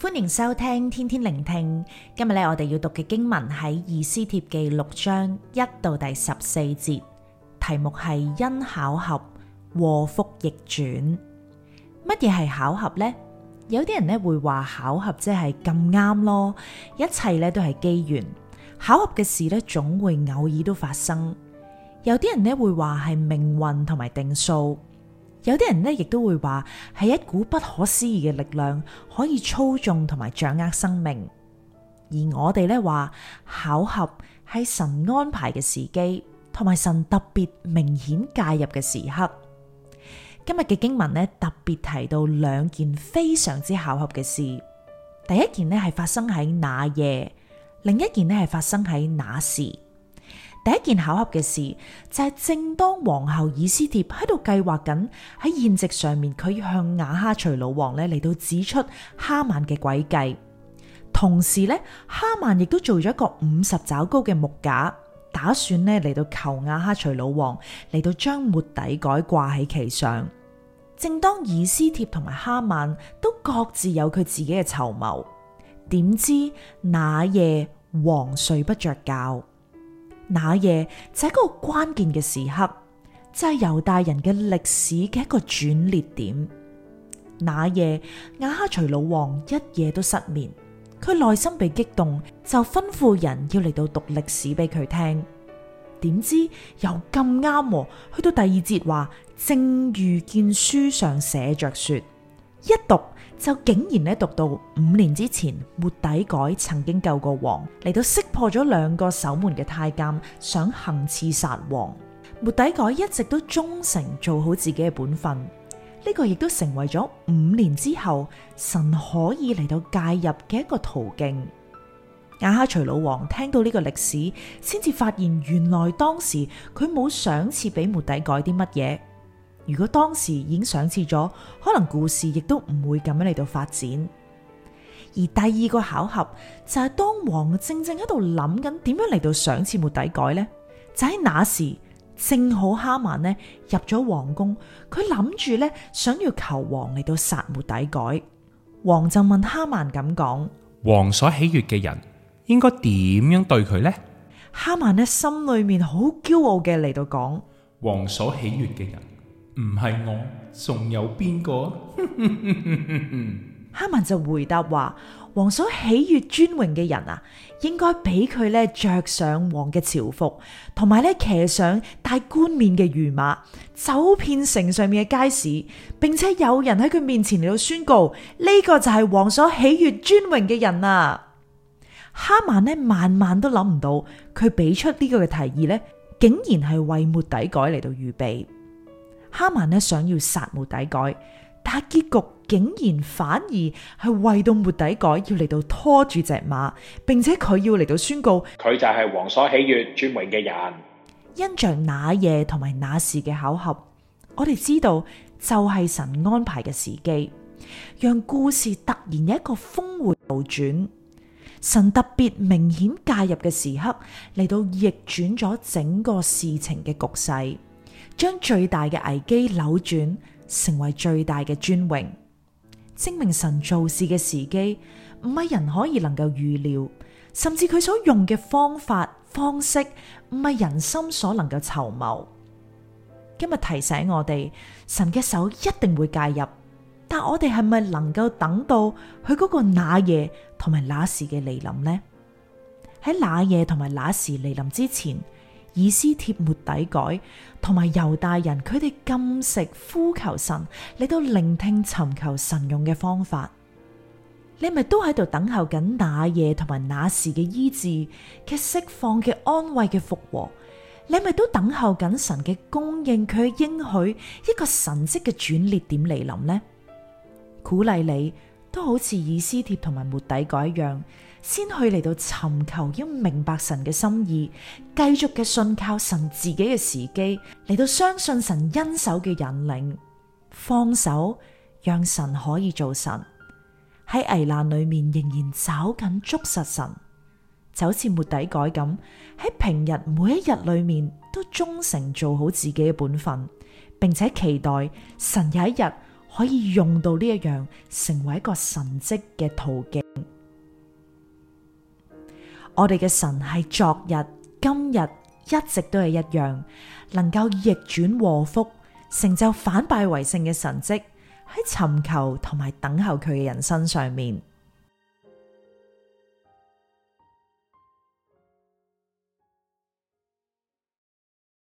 歡迎收聽天天靈聽，今日咧我哋要讀嘅經文喺《以斯帖記》六章一到第十四節，題目係因巧合禍福逆轉。乜嘢係巧合呢？有啲人咧會話巧合即係咁啱咯，一切咧都係機緣。巧合嘅事咧總會偶爾都發生。有啲人咧會話係命運同埋定數。有啲人呢亦都會話係一股不可思議嘅力量，可以操縱同埋掌握生命。而我哋呢話巧合係神安排嘅時機，同埋神特別明顯介入嘅時刻。今日嘅經文呢特別提到兩件非常之巧合嘅事。第一件呢係發生喺那夜，另一件呢係發生喺那時。第一件巧合嘅事就係、是，正當皇后以斯帖喺度計劃緊喺宴席上面，佢向亞哈隨魯王咧嚟到指出哈曼嘅詭計，同時咧哈曼亦都做咗一個五十肘高嘅木架，打算咧嚟到求亞哈隨魯王嚟到將末底改掛喺其上。正當以斯帖同埋哈曼都各自有佢自己嘅籌謀，點知那夜王睡不着覺。那夜就係、是、一個關鍵嘅時刻，就係、是、猶大人嘅歷史嘅一個轉捩點。那夜亞哈隨魯王一夜都失眠，佢內心被激動，就吩咐人要嚟到讀歷史俾佢聽。點知又咁啱、啊，去到第二節話正遇見書上寫着說。一讀就竟然咧讀到五年之前，末底改曾經救過王，嚟到識破咗兩個守門嘅太監想行刺殺王。末底改一直都忠誠做好自己嘅本分，呢、這個亦都成為咗五年之後神可以嚟到介入嘅一個途徑。亞哈隨魯王聽到呢個歷史，先至發現原來當時佢冇賞賜俾末底改啲乜嘢。如果當時已經賞賜咗，可能故事亦都唔會咁樣嚟到發展。而第二個巧合就係、是、當王正正喺度諗緊點樣嚟到賞賜末底改呢，就喺那時正好哈曼呢入咗皇宮，佢諗住呢，想要求王嚟到殺末底改。王就問哈曼咁講：「王所喜悅嘅人應該點樣對佢呢？」哈曼呢心裡面好驕傲嘅嚟到講：「王所喜悅嘅人。唔係我，仲有邊個？ 哈曼就回答話：王所喜悦尊榮嘅人啊，應該俾佢咧着上王嘅朝服，同埋咧騎上帶冠冕嘅御馬，走遍城上面嘅街市，並且有人喺佢面前嚟到宣告：呢、這個就係王所喜悦尊榮嘅人啊！哈曼呢，萬萬都諗唔到，佢俾出呢個嘅提議呢，竟然係為末底改嚟到預備。哈曼呢，想要殺末底改，但係結局竟然反而係為到末底改要嚟到拖住隻馬，並且佢要嚟到宣告佢就係王所喜悅尊榮嘅人。因着那夜同埋那時嘅巧合，我哋知道就係神安排嘅時機，讓故事突然有一個峰迴路轉，神特別明顯介入嘅時刻嚟到逆轉咗整個事情嘅局勢。將最大嘅危機扭轉，成為最大嘅尊榮，證明神做事嘅時機唔係人可以能夠預料，甚至佢所用嘅方法方式唔係人心所能夠籌謀。今日提醒我哋，神嘅手一定會介入，但我哋係咪能夠等到佢嗰個那夜同埋那時嘅來臨呢？喺那夜同埋那時來臨之前。以斯帖末底改，同埋猶大人，佢哋禁食呼求神，你都聆聽尋求神用嘅方法。你咪都喺度等候緊那夜同埋那時嘅醫治嘅釋放嘅安慰嘅復和。你咪都等候緊神嘅供應佢應許一個神蹟嘅轉捩點嚟臨呢？鼓勵你。都好似以斯帖同埋末底改一樣，先去嚟到尋求，要明白神嘅心意，繼續嘅信靠神自己嘅時機，嚟到相信神恩手嘅引領，放手讓神可以做神，喺危難裏面仍然抓緊捉實神，就好似末底改咁，喺平日每一日裏面都忠誠做好自己嘅本分，並且期待神有一日。可以用到呢一樣，成為一個神蹟嘅途徑。我哋嘅神係昨日、今日一直都係一樣，能夠逆轉禍福，成就反敗為勝嘅神蹟，喺尋求同埋等候佢嘅人身上面。